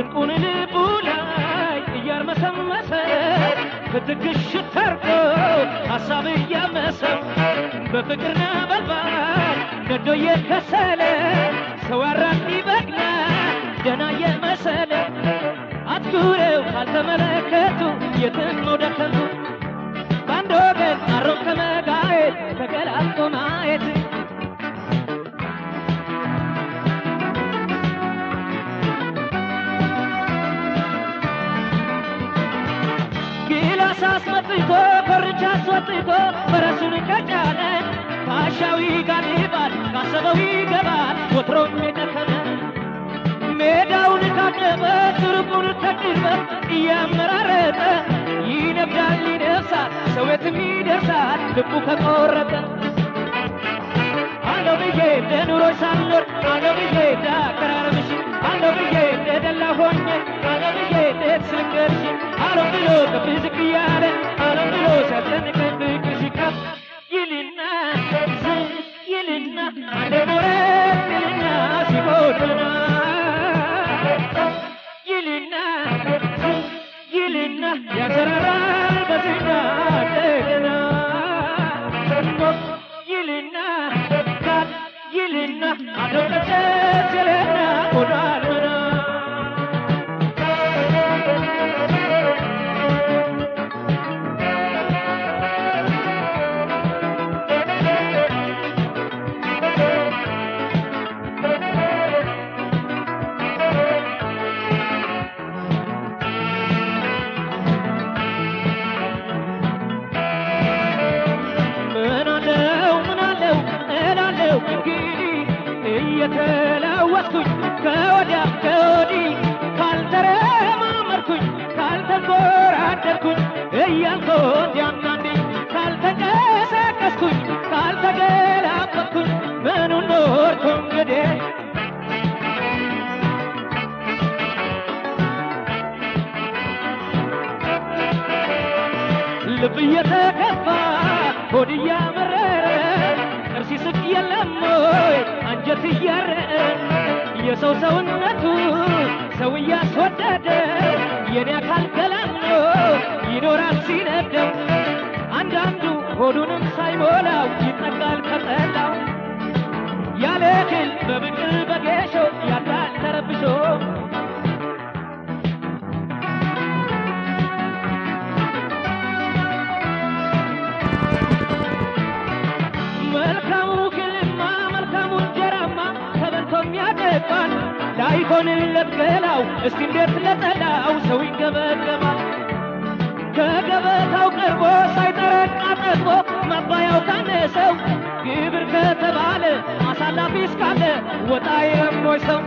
ጭቁን ልቡ ላይ እያርመሰመሰ ክትግሽ ተርጎ ሀሳብ እያመሰ በፍቅር ነበልባል ነዶ የከሰለ ሰው አራሚ በግና ደና የመሰለ አትጉረው ካልተመለከቱ የትን ነው ደከሙ በአንድ ወገን አሮም ከመጋየት ተገላልጦና አስፈጥቶ ፈረሱን ከጫነ ባሻው ይጋልባል፣ ካሰበው ይገባል። ወትሮም የደከመ ሜዳውን ካደበ ትርቁን ከቅርበ እያመራረጠ ይነግዳል፣ ይነፍሳል፣ ሰው የትም ይደርሳል ልቡ ከቆረጠ አለው ብዬ ለኑሮ ሳልኖር ይልና ያሰራራል በዜና ደግና ይልና ይልና አደውለጨት ይልና ወዳልመና የተለወጥኩኝ ከወዲያ ከወዲህ ካልተረማመርኩኝ ካልተንጎራደርኩኝ እያልኩት ያናንዴ ካልተንቀሳቀስኩኝ ካልተገላበጥኩኝ ምኑን ኖርኩ እንግዲህ ልብ እየተከፋ ሆድ እያመረረ ጥርስ ሲስቅ የለም አንጀት እያረ የሰው ሰውነቱ ሰው እያስወደደ የኔ አካል ገላምኖ ይኖራል ሲነደው አንዳንዱ ሆዱንም ሳይሞላው ይጠቃል ከጠላው ያለ እህል በምግብ በጌሾ ያድራል ተረብሾ ይገባል ላይሆንለት ገላው እስቲ እንዴት ለጠላው ሰው ይገበገባል ከገበታው ቀርቦ ሳይጠረቃ አጠግቦ መባያው ታነሰው ግብር ከተባለ አሳላፊ እስካለ ወጣ የሞይ ሰው